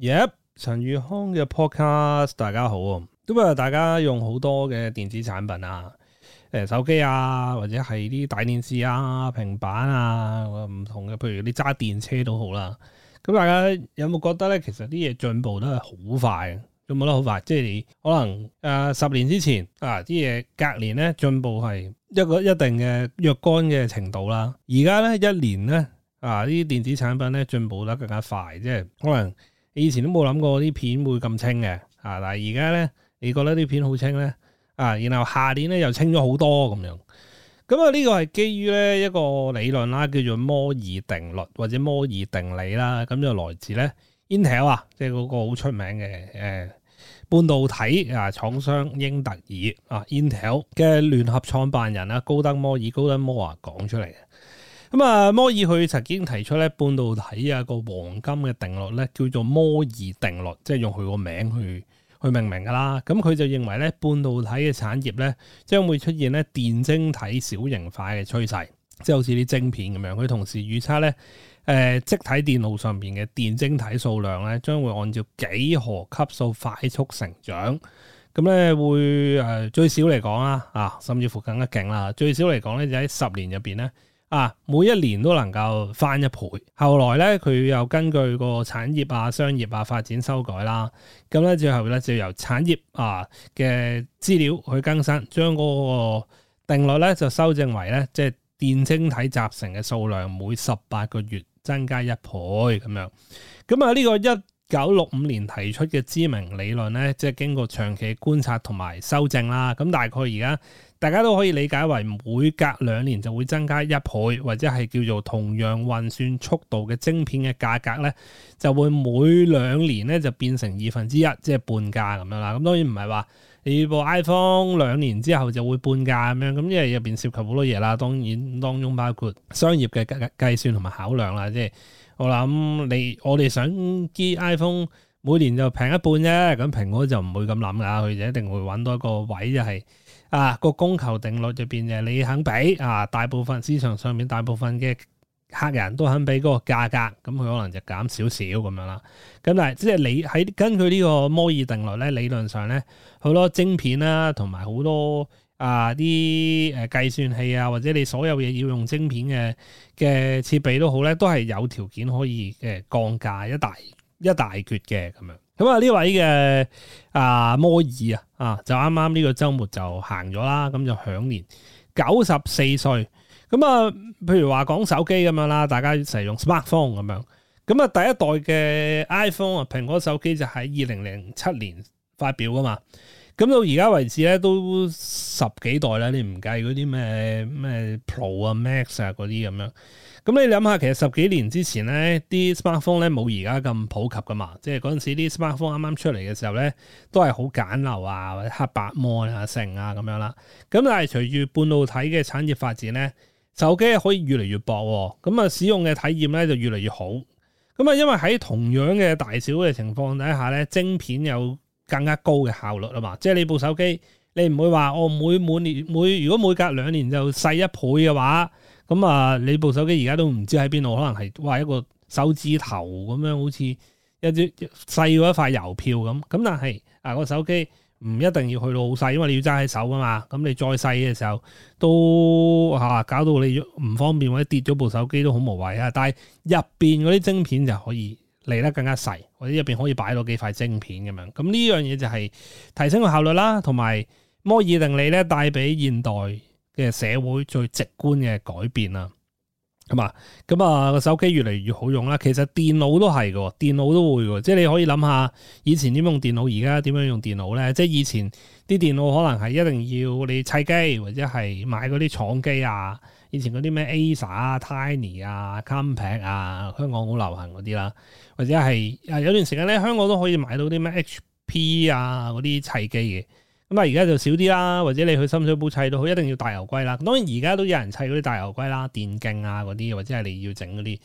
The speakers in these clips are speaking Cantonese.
耶！陳宇康嘅 podcast，大家好啊。咁啊，大家用好多嘅電子產品啊，誒，手機啊，或者係啲大電視啊、平板啊，唔同嘅。譬如你揸電車都好啦。咁大家有冇覺得咧？其實啲嘢進步都係好快嘅，進步得好快。即係你可能、呃、啊，十年之前啊，啲嘢隔年咧進步係一個一定嘅若干嘅程度啦。而家咧一年咧啊，啲電子產品咧進步得更加快，即係可能。以前都冇諗過啲片會咁清嘅，啊！但係而家咧，你覺得啲片好清咧，啊！然後下年咧又清咗好多咁樣，咁啊呢個係基於咧一個理論啦，叫做摩爾定律或者摩爾定理啦，咁就來自咧 Intel 啊，即係嗰個好出名嘅誒、呃、半導體啊廠商英特爾啊 Intel 嘅聯合創辦人啊，高登摩爾高登摩爾啊講出嚟嘅。咁啊、嗯，摩爾佢曾經提出咧，半導體啊個黃金嘅定律咧，叫做摩爾定律，即係用佢個名去去命名噶啦。咁佢、嗯、就認為咧，半導體嘅產業咧，將會出現咧電晶體小型化嘅趨勢，即係好似啲晶片咁樣。佢同時預測咧，誒、呃，積體電腦上邊嘅電晶體數量咧，將會按照幾何級數快速成長。咁、嗯、咧會誒、呃、最少嚟講啊啊，甚至乎更加勁啦。最少嚟講咧，就喺十年入邊咧。啊！每一年都能夠翻一倍。後來咧，佢又根據個產業啊、商業啊發展修改啦。咁咧，最後咧就由產業啊嘅資料去更新，將嗰個定律咧就修正為咧，即係電晶體集成嘅數量每十八個月增加一倍咁樣。咁啊，呢個一九六五年提出嘅知名理論咧，即係經過長期觀察同埋修正啦。咁大概而家。大家都可以理解為每隔兩年就會增加一倍，或者係叫做同樣運算速度嘅晶片嘅價格咧，就會每兩年咧就變成二分之一，即係半價咁樣啦。咁當然唔係話你部 iPhone 兩年之後就會半價咁樣，咁因為入邊涉及好多嘢啦。當然當中包括商業嘅計計算同埋考量啦。即係我諗你，我哋想啲 iPhone。每年就平一半啫，咁蘋果就唔會咁諗㗎，佢就一定會揾到一個位，就係，就係啊個供求定律入邊嘅，你肯俾啊，大部分市場上面大部分嘅客人都肯俾嗰個價格，咁佢可能就減少少咁樣啦。咁但係即係你喺根據呢個摩爾定律咧，理論上咧好多晶片啦，啊，同埋好多啊啲誒計算器啊，或者你所有嘢要用晶片嘅嘅設備都好咧，都係有條件可以嘅降價一大一大決嘅咁樣，咁、呃、啊呢位嘅啊摩爾啊啊就啱啱呢個周末就行咗啦，咁就享年九十四歲。咁啊，譬如話講手機咁樣啦，大家成日用 smartphone 咁樣，咁啊，第一代嘅 iPhone 啊，蘋果手機就喺二零零七年發表噶嘛，咁到而家為止咧都十幾代啦，你唔計嗰啲咩咩 Pro 啊 Max 啊嗰啲咁樣。咁你諗下，其實十幾年之前咧，啲 smartphone 咧冇而家咁普及㗎嘛，即係嗰陣時啲 smartphone 啱啱出嚟嘅時候咧，都係好簡陋啊，或者黑白模啊、成啊咁樣啦。咁但係隨住半導體嘅產業發展咧，手機可以越嚟越薄、啊，咁啊使用嘅體驗咧就越嚟越好。咁啊，因為喺同樣嘅大小嘅情況底下咧，晶片有更加高嘅效率啊嘛，即係你部手機你唔會話我每每年每如果每隔兩年就細一倍嘅話。咁啊、嗯，你部手機而家都唔知喺邊度，可能係哇一個手指頭咁樣，好似一啲細過一塊郵票咁。咁但係啊個手機唔一定要去到好細，因為你要揸喺手噶嘛。咁你再細嘅時候都嚇、啊、搞到你唔方便，或者跌咗部手機都好無謂啊。但係入邊嗰啲晶片就可以嚟得更加細，或者入邊可以擺到幾塊晶片咁樣。咁、嗯、呢樣嘢就係提升個效率啦，同埋摩爾定律咧帶俾現代。嘅社會最直觀嘅改變啊，係嘛？咁啊，個手機越嚟越好用啦。其實電腦都係嘅，電腦都會，即係你可以諗下以前點用電腦，而家點樣用電腦咧？即係以前啲電腦可能係一定要你砌機，或者係買嗰啲廠機啊。以前嗰啲咩 Acer 啊、Tiny 啊、Compaq 啊，香港好流行嗰啲啦，或者係有段時間咧，香港都可以買到啲咩 HP 啊嗰啲砌機嘅。咁啊，而家就少啲啦，或者你去深水埗砌都好，一定要大牛龜啦。當然而家都有人砌嗰啲大牛龜啦，電競啊嗰啲，或者係你要整嗰啲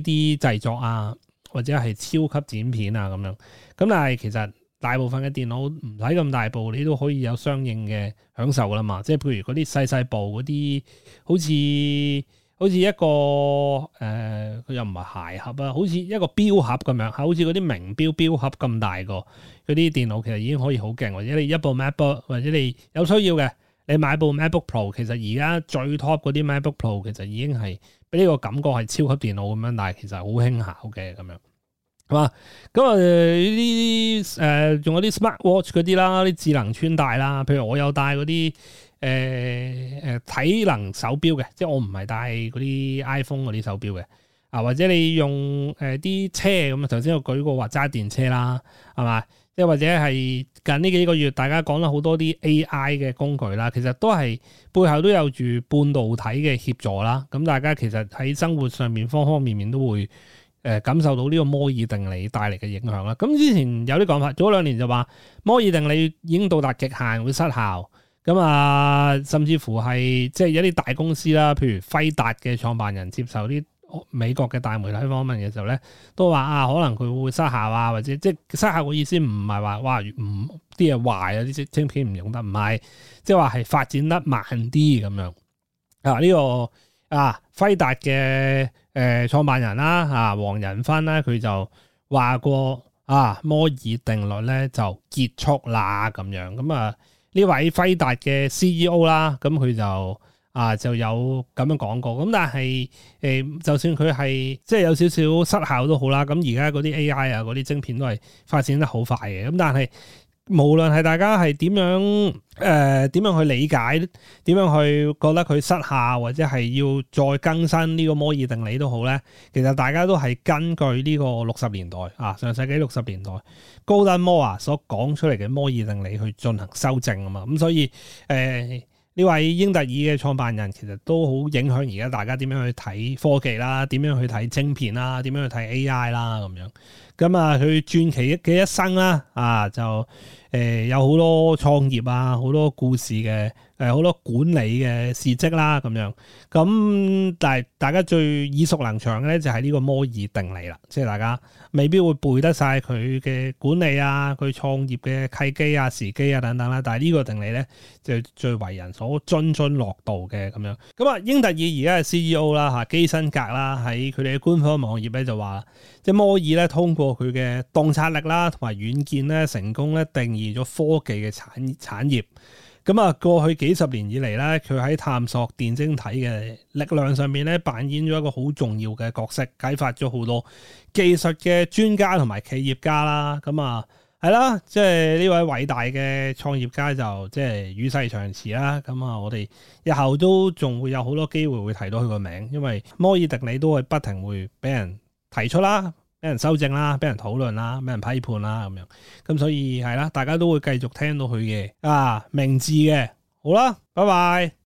3D 製作啊，或者係超級剪片啊咁樣。咁但係其實大部分嘅電腦唔使咁大部，你都可以有相應嘅享受㗎啦嘛。即係譬如嗰啲細細部嗰啲，好似。好似一個誒，佢、呃、又唔係鞋盒啊，好似一個錶盒咁樣，好似嗰啲名錶錶盒咁大個嗰啲電腦，其實已經可以好勁。或者你一部 MacBook，或者你有需要嘅，你買部 MacBook Pro，其實而家最 top 嗰啲 MacBook Pro 其實已經係畀呢個感覺係超級電腦咁樣，但係其實好輕巧嘅咁樣。係嘛？咁啊、嗯，呢啲誒仲有啲 smart watch 嗰啲啦，啲智能穿戴啦，譬如我有戴嗰啲誒誒體能手錶嘅，即係我唔係戴嗰啲 iPhone 嗰啲手錶嘅啊。或者你用誒啲、呃、車咁啊，頭先我舉過話揸電車啦，係嘛？即係或者係近呢幾個月，大家講咗好多啲 AI 嘅工具啦，其實都係背後都有住半導體嘅協助啦。咁大家其實喺生活上面方方面面都會。誒感受到呢個摩爾定理帶嚟嘅影響啦，咁之前有啲講法，早兩年就話摩爾定理已經到達極限會失效，咁啊，甚至乎係即係一啲大公司啦，譬如輝達嘅創辦人接受啲美國嘅大媒體訪問嘅時候咧，都話啊，可能佢會失效啊，或者即係失效嘅意思唔係話哇唔啲嘢壞啊，啲即晶片唔用得，唔係即係話係發展得慢啲咁樣啊呢個。啊，輝達嘅誒、呃、創辦人啦、啊，啊黃仁勳啦、啊，佢就話過啊，摩爾定律咧就結束啦咁樣。咁啊，呢位輝達嘅 CEO 啦、啊，咁、啊、佢就啊就有咁樣講過。咁但係誒、呃，就算佢係即係有少少失效都好啦。咁而家嗰啲 AI 啊，嗰啲晶片都係發展得好快嘅。咁但係。無論係大家係點樣誒，點、呃、樣去理解，點樣去覺得佢失效，或者係要再更新呢個摩爾定理都好咧。其實大家都係根據呢個六十年代啊，上世紀六十年代，高登摩爾所講出嚟嘅摩爾定理去進行修正啊嘛。咁、嗯、所以誒。呃呢位英特爾嘅創辦人，其實都好影響而家大家點樣去睇科技啦，點樣去睇晶片啦，點樣去睇 AI 啦咁樣。咁、嗯、啊，佢傳奇嘅一生啦，啊就誒有好多創業啊，好多故事嘅。誒好多管理嘅事蹟啦，咁樣咁，但係大家最耳熟能詳嘅咧，就係呢個摩爾定理啦。即係大家未必會背得晒佢嘅管理啊，佢創業嘅契機啊、時機啊等等啦。但係呢個定理咧，就係最為人所津津樂道嘅咁樣。咁、嗯、啊，英特爾而家係 CEO 啦，哈基辛格啦，喺佢哋嘅官方網頁咧就話，即係摩爾咧通過佢嘅洞察力啦，同埋遠見咧成功咧定義咗科技嘅產產業。產業咁啊，過去幾十年以嚟咧，佢喺探索電晶體嘅力量上面咧，扮演咗一個好重要嘅角色，啟發咗好多技術嘅專家同埋企業家啦。咁、嗯、啊，係啦，即係呢位偉大嘅創業家就即係與世長辭啦。咁、嗯、啊，我哋日後都仲會有好多機會會提到佢個名，因為摩爾定律都會不停會俾人提出啦。俾人修正啦，俾人討論啦，俾人批判啦咁樣，咁所以係啦，大家都會繼續聽到佢嘅啊名字嘅，好啦，拜拜。